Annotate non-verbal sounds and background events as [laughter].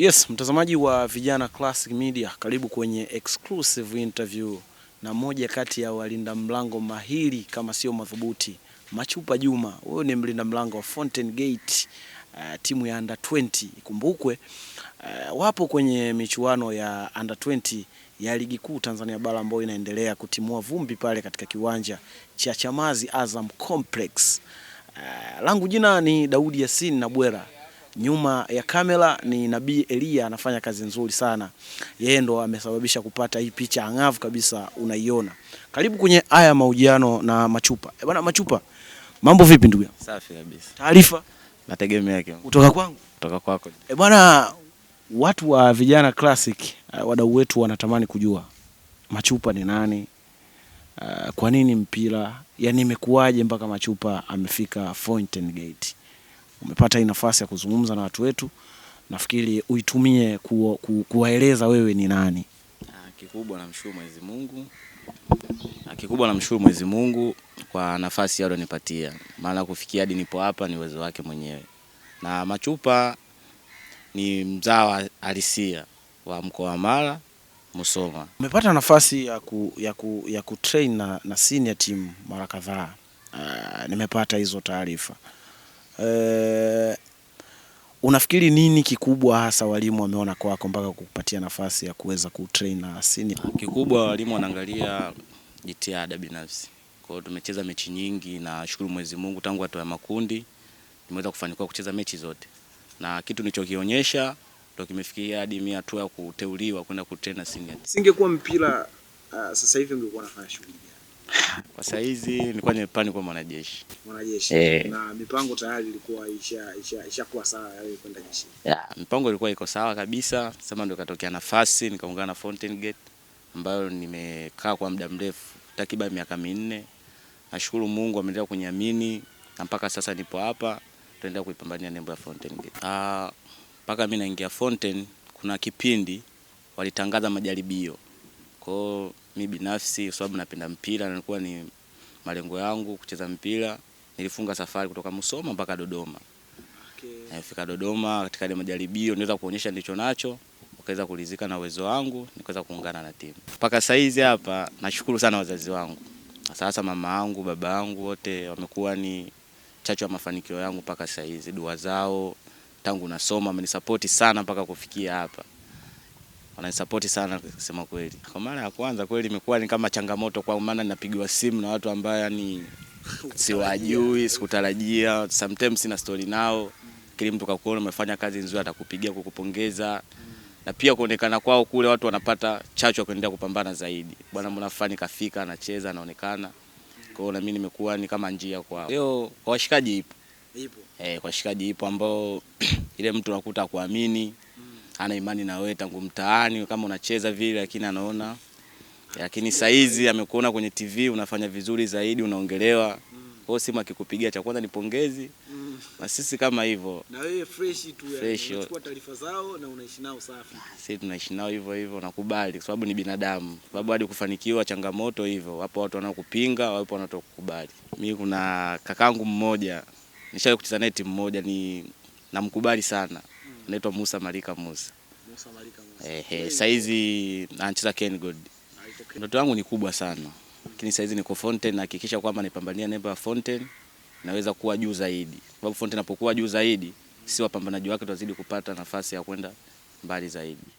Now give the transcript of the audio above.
Yes, mtazamaji wa Vijana Classic Media, karibu kwenye exclusive interview na moja kati ya walinda mlango mahiri kama sio madhubuti, Machupa Juma. Huyo ni mlinda mlango wa Fountain Gate uh, timu ya under 20. Ikumbukwe uh, wapo kwenye michuano ya under 20 ya ligi kuu Tanzania bara ambayo inaendelea kutimua vumbi pale katika kiwanja cha Chamazi Azam Complex. Uh, langu jina ni Daudi Yasin na Bwera nyuma ya kamera ni Nabii Elia anafanya kazi nzuri sana. Yeye ndo amesababisha kupata hii picha angavu kabisa unaiona. Karibu kwenye haya mahojiano na Machupa. E bwana Machupa, mambo vipi ndugu yangu? Safi kabisa. Taarifa nategemea yake. Kutoka kwangu? Kutoka kwako. E bwana, watu wa Vijana Classic, eh, wadau wetu wanatamani kujua Machupa ni nani? Kwa nini mpira? Yaani imekuwaje mpaka Machupa amefika Fountain Gate? umepata hii nafasi ya kuzungumza na watu wetu, nafikiri uitumie ku, ku, kuwaeleza wewe ni nani. Kikubwa namshukuru Mwenyezi Mungu, kikubwa namshukuru Mwenyezi Mungu kwa nafasi aliyonipatia, maana kufikia hadi nipo hapa ni uwezo wake mwenyewe, na Machupa ni mzawa halisia wa mkoa wa Mara Musoma. Umepata nafasi ya ku, ya ku, ya train na, na senior team mara kadhaa. Uh, nimepata hizo taarifa. Eh, unafikiri nini kikubwa hasa walimu wameona kwako mpaka kukupatia nafasi ya kuweza kutrain na sini? Kikubwa walimu wanaangalia jitihada binafsi. Kwa hiyo tumecheza mechi nyingi na shukuru Mwenyezi Mungu, tangu hatua ya makundi tumeweza kufanikiwa kucheza mechi zote, na kitu nilichokionyesha ndio kimefikia hadi mimi hatua ya kuteuliwa kwenda kutrain na senior. Singekuwa mpira uh, sasa hivi ungekuwa unafanya shughuli kwa saa hizi nilikuwa nimepani kwa mwanajeshi. Mwanajeshi. Eh. Na mipango tayari ilikuwa isha kuwa sawa ya kwenda jeshi. Yeah, mipango ilikuwa iko sawa kabisa. Sema ndio katokea nafasi nikaungana na Fountain Gate ambayo nimekaa kwa muda mrefu takriban miaka minne. Nashukuru Mungu ameendelea kuniamini na mpaka sasa nipo hapa tunaendelea kuipambania nembo ya Fountain Gate. Ah, mpaka mimi naingia Fountain kuna kipindi walitangaza majaribio. kwao mi binafsi, kwa sababu napenda mpira na nilikuwa ni malengo yangu kucheza mpira. Nilifunga safari kutoka Musoma mpaka Dodoma. Okay. Nilifika eh, Dodoma katika ile majaribio niweza kuonyesha ndicho nacho, wakaweza kulizika na uwezo wangu, nikaweza kuungana na timu. Mpaka saizi hapa nashukuru sana wazazi wangu. Sasa mama yangu, baba yangu wote wamekuwa ni chachu ya mafanikio yangu mpaka saizi, dua zao tangu nasoma amenisapoti sana mpaka kufikia hapa wananisapoti sana kusema kweli. Kwa mara ya kwanza kweli imekuwa ni kama changamoto, kwa maana ninapigiwa simu na watu ambao yani [laughs] siwajui, sikutarajia, sometimes sina story nao, kile mtu kakuona umefanya kazi nzuri atakupigia kukupongeza na pia kuonekana kwao kule watu wanapata chachu ya kuendelea kupambana zaidi. Bwana, mbona fulani kafika, anacheza, anaonekana. Kwa hiyo na mimi nimekuwa ni kama njia kwao. Leo kwa washikaji ipo, ipo eh, kwa washikaji ipo ambao [clears throat] ile mtu anakuta kuamini ana imani na wewe tangu mtaani kama unacheza vile, lakini anaona lakini saizi amekuona kwenye TV unafanya vizuri zaidi, unaongelewa kwa simu, akikupigia cha kwanza ni pongezi na sisi kama hivyo, na wewe fresh tu, unachukua taarifa zao na unaishi nao safi. Ah, sisi tunaishi nao hivyo hivyo, nakubali kwa sababu ni binadamu, sababu hadi kufanikiwa changamoto hivyo, wapo watu wanaokupinga, wapo wanaotokukubali. Mimi kuna kakangu mmoja nishawahi kucheza naye timu moja, ni namkubali sana naitwa Musa Malika Musa. Musa Malika Musa. Eh, eh, saizi anacheza Ken Gold. Ndoto yangu ni kubwa sana lakini saizi niko Fountain, nahakikisha kwamba nipambania nembo ya Fountain naweza kuwa juu zaidi, sababu Fountain inapokuwa juu zaidi, si wapambanaji wake tutazidi kupata nafasi ya kwenda mbali zaidi.